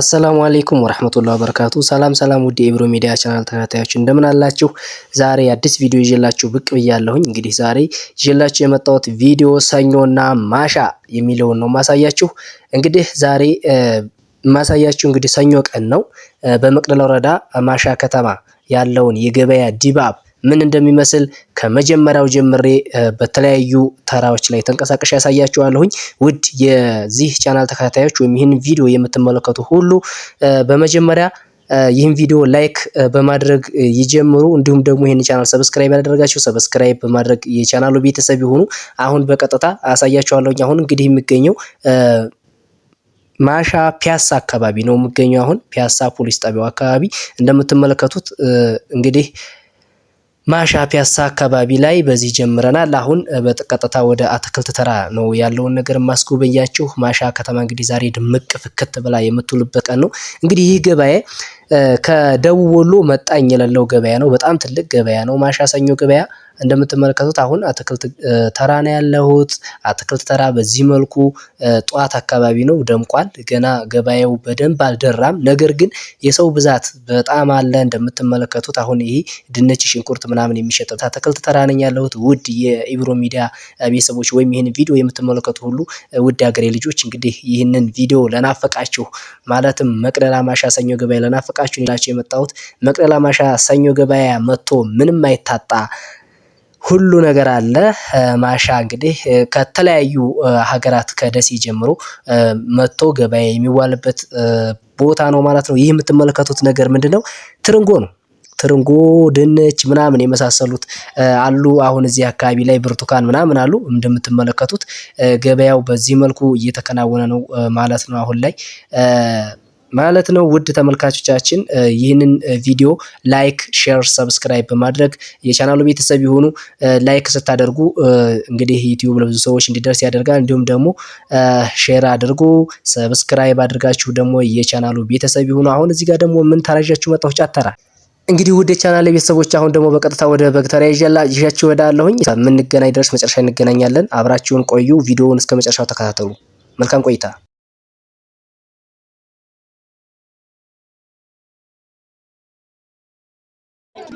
አሰላሙ አሌይኩም ወረህመቱላሂ ወበረካቱ። ሰላም ሰላም፣ ውድ የኢብሮ ሚዲያ ቻናል ተከታታዮች እንደምን አላችሁ? ዛሬ አዲስ ቪዲዮ ይዤላችሁ ብቅ ብያለሁኝ። እንግዲህ ዛሬ ይዤላችሁ የመጣሁት ቪዲዮ ሰኞና ማሻ የሚለውን ነው ማሳያችሁ። እንግዲህ ዛሬ ማሳያችሁ እንግዲህ ሰኞ ቀን ነው በመቅደላ ወረዳ ማሻ ከተማ ያለውን የገበያ ድባብ ምን እንደሚመስል ከመጀመሪያው ጀምሬ በተለያዩ ተራዎች ላይ ተንቀሳቀሽ ያሳያችኋለሁኝ። ውድ የዚህ ቻናል ተከታታዮች ወይም ይህን ቪዲዮ የምትመለከቱ ሁሉ በመጀመሪያ ይህን ቪዲዮ ላይክ በማድረግ ይጀምሩ። እንዲሁም ደግሞ ይህን ቻናል ሰብስክራይብ ያደረጋችሁ ሰብስክራይብ በማድረግ የቻናሉ ቤተሰብ ይሁኑ። አሁን በቀጥታ አሳያችኋለሁኝ። አሁን እንግዲህ የሚገኘው ማሻ ፒያሳ አካባቢ ነው የሚገኘው። አሁን ፒያሳ ፖሊስ ጣቢያው አካባቢ እንደምትመለከቱት እንግዲህ ማሻ ፒያሳ አካባቢ ላይ በዚህ ጀምረናል። አሁን በቀጥታ ወደ አትክልት ተራ ነው ያለውን ነገር ማስጎበኛችሁ። ማሻ ከተማ እንግዲህ ዛሬ ድምቅ ፍክት ብላ የምትውልበት ቀን ነው። እንግዲህ ይህ ገበያ ከደቡብ ወሎ መጣኝ የሌለው ገበያ ነው። በጣም ትልቅ ገበያ ነው። ማሻ ሰኞ ገበያ እንደምትመለከቱት አሁን አትክልት ተራ ነው ያለሁት። አትክልት ተራ በዚህ መልኩ ጠዋት አካባቢ ነው ደምቋል። ገና ገበያው በደንብ አልደራም። ነገር ግን የሰው ብዛት በጣም አለ። እንደምትመለከቱት አሁን ይሄ ድንች፣ ሽንኩርት ምናምን የሚሸጥበት አትክልት ተራ ነኝ ያለሁት። ውድ የኢብሮ ሚዲያ ቤተሰቦች ወይም ይህን ቪዲዮ የምትመለከቱ ሁሉ ውድ ሀገሬ ልጆች እንግዲህ ይህንን ቪዲዮ ለናፈቃችሁ ማለትም መቅደላ ማሻ ሰኞ ገበያ ለናፈቃ ያብቃችሁ ይላችሁ የመጣሁት መቅደላ ማሻ ሰኞ ገበያ መጥቶ ምንም አይታጣ ሁሉ ነገር አለ። ማሻ እንግዲህ ከተለያዩ ሀገራት ከደሴ ጀምሮ መጥቶ ገበያ የሚዋልበት ቦታ ነው ማለት ነው። ይህ የምትመለከቱት ነገር ምንድነው? ትርንጎ ነው። ትርንጎ፣ ድንች ምናምን የመሳሰሉት አሉ። አሁን እዚህ አካባቢ ላይ ብርቱካን ምናምን አሉ። እንደምትመለከቱት ገበያው በዚህ መልኩ እየተከናወነ ነው ማለት ነው አሁን ላይ ማለት ነው። ውድ ተመልካቾቻችን ይህንን ቪዲዮ ላይክ፣ ሼር፣ ሰብስክራይብ በማድረግ የቻናሉ ቤተሰብ የሆኑ ላይክ ስታደርጉ እንግዲህ ዩቲዩብ ለብዙ ሰዎች እንዲደርስ ያደርጋል። እንዲሁም ደግሞ ሼር አድርጉ፣ ሰብስክራይብ አድርጋችሁ ደግሞ የቻናሉ ቤተሰብ የሆኑ አሁን እዚህ ጋር ደግሞ ምን ታረጃችሁ መጣሁ ጫተራ እንግዲህ ውድ የቻናል ቤተሰቦች አሁን ደግሞ በቀጥታ ወደ በግተሪያ ይዣላ ይዣችሁ እሄዳለሁኝ። የምንገናኝ ድረስ መጨረሻ እንገናኛለን። አብራችሁን ቆዩ። ቪዲዮውን እስከ መጨረሻው ተከታተሉ። መልካም ቆይታ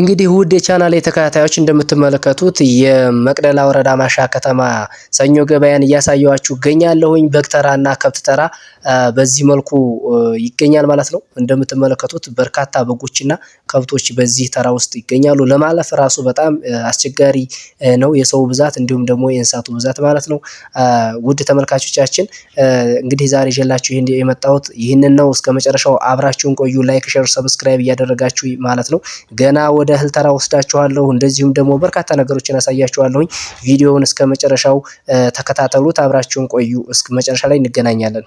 እንግዲህ ውድ የቻናል ተከታታዮች እንደምትመለከቱት የመቅደላ ወረዳ ማሻ ከተማ ሰኞ ገበያን እያሳየዋችሁ እገኛለሁኝ። በግ ተራና ከብት ተራ በዚህ መልኩ ይገኛል ማለት ነው። እንደምትመለከቱት በርካታ በጎችና ከብቶች በዚህ ተራ ውስጥ ይገኛሉ። ለማለፍ ራሱ በጣም አስቸጋሪ ነው፣ የሰው ብዛት እንዲሁም ደግሞ የእንስሳቱ ብዛት ማለት ነው። ውድ ተመልካቾቻችን እንግዲህ ዛሬ ይዤላችሁ ይህን የመጣሁት ይህንን ነው። እስከ መጨረሻው አብራችሁን ቆዩ። ላይክ፣ ሸር፣ ሰብስክራይብ እያደረጋችሁ ማለት ነው ገና ወደ እህል ተራ ወስዳችኋለሁ። እንደዚሁም ደግሞ በርካታ ነገሮችን አሳያችኋለሁኝ። ቪዲዮውን እስከ መጨረሻው ተከታተሉት፣ አብራችሁን ቆዩ። እስከ መጨረሻ ላይ እንገናኛለን።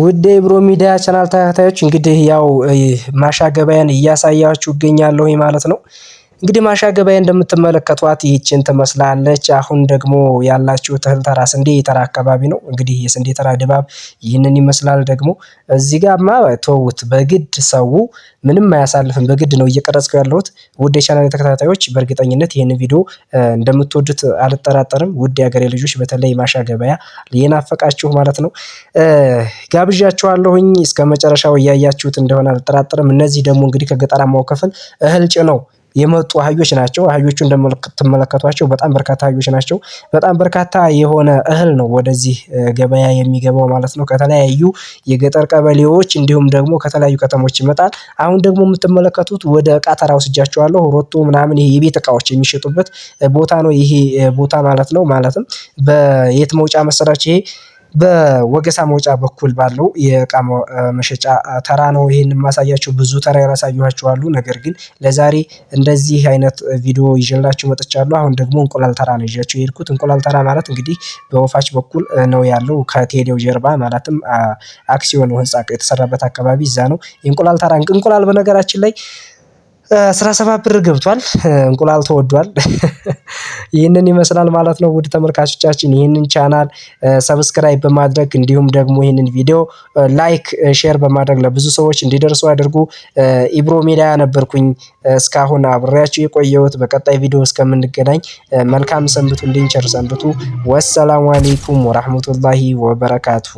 ውድ የኢብሮ ሚዲያ ቻናል ተከታዮች እንግዲህ ያው ማሻ ገበያን እያሳያችሁ ይገኛለሁ ማለት ነው። እንግዲህ ማሻ ገበያ እንደምትመለከቷት ይህችን ትመስላለች። አሁን ደግሞ ያላችሁ እህል ተራ ስንዴ ተራ አካባቢ ነው። እንግዲህ የስንዴ ተራ ድባብ ይህንን ይመስላል። ደግሞ እዚህ ጋማ ተውት፣ በግድ ሰው ምንም አያሳልፍም። በግድ ነው እየቀረጽከው ያለሁት። ውድ የቻናል ተከታታዮች በእርግጠኝነት ይህን ቪዲዮ እንደምትወዱት አልጠራጠርም። ውድ የሀገሬ ልጆች በተለይ ማሻ ገበያ የናፈቃችሁ ማለት ነው። ጋብዣችኋለሁኝ። እስከ መጨረሻው እያያችሁት እንደሆነ አልጠራጠርም። እነዚህ ደግሞ እንግዲህ ከገጠራማው ክፍል እህል ጭነው የመጡ አህዮች ናቸው። አህዮቹ እንደምትመለከቷቸው በጣም በርካታ አህዮች ናቸው። በጣም በርካታ የሆነ እህል ነው ወደዚህ ገበያ የሚገባው ማለት ነው። ከተለያዩ የገጠር ቀበሌዎች እንዲሁም ደግሞ ከተለያዩ ከተሞች ይመጣል። አሁን ደግሞ የምትመለከቱት ወደ እቃ ተራ ወስጃቸዋለሁ። ሮቶ ምናምን ይሄ የቤት እቃዎች የሚሸጡበት ቦታ ነው ይሄ ቦታ ማለት ነው። ማለትም በየት መውጫ መሰራች ይሄ በወገሳ መውጫ በኩል ባለው የእቃ መሸጫ ተራ ነው ይህን የማሳያቸው ብዙ ተራ ያሳየኋችሁ አሉ። ነገር ግን ለዛሬ እንደዚህ አይነት ቪዲዮ ይዤላችሁ መጥቻለሁ። አሁን ደግሞ እንቁላል ተራ ነው ይዣችሁ የሄድኩት። እንቁላል ተራ ማለት እንግዲህ በወፋች በኩል ነው ያለው ከቴሌው ጀርባ ማለትም አክሲዮን ህንጻ የተሰራበት አካባቢ እዛ ነው የእንቁላል ተራ። እንቁላል በነገራችን ላይ አስራ ሰባት ብር ገብቷል እንቁላል ተወዷል። ይህንን ይመስላል ማለት ነው። ውድ ተመልካቾቻችን ይህንን ቻናል ሰብስክራይብ በማድረግ እንዲሁም ደግሞ ይህንን ቪዲዮ ላይክ፣ ሼር በማድረግ ለብዙ ሰዎች እንዲደርሱ አድርጉ ኢብሮ ሚዲያ ነበርኩኝ እስካሁን አብሬያችሁ የቆየሁት። በቀጣይ ቪዲዮ እስከምንገናኝ መልካም ሰንብቱ፣ እንድንቸር ሰንብቱ። ወሰላሙ አሌይኩም ወራህመቱላሂ ወበረካቱ።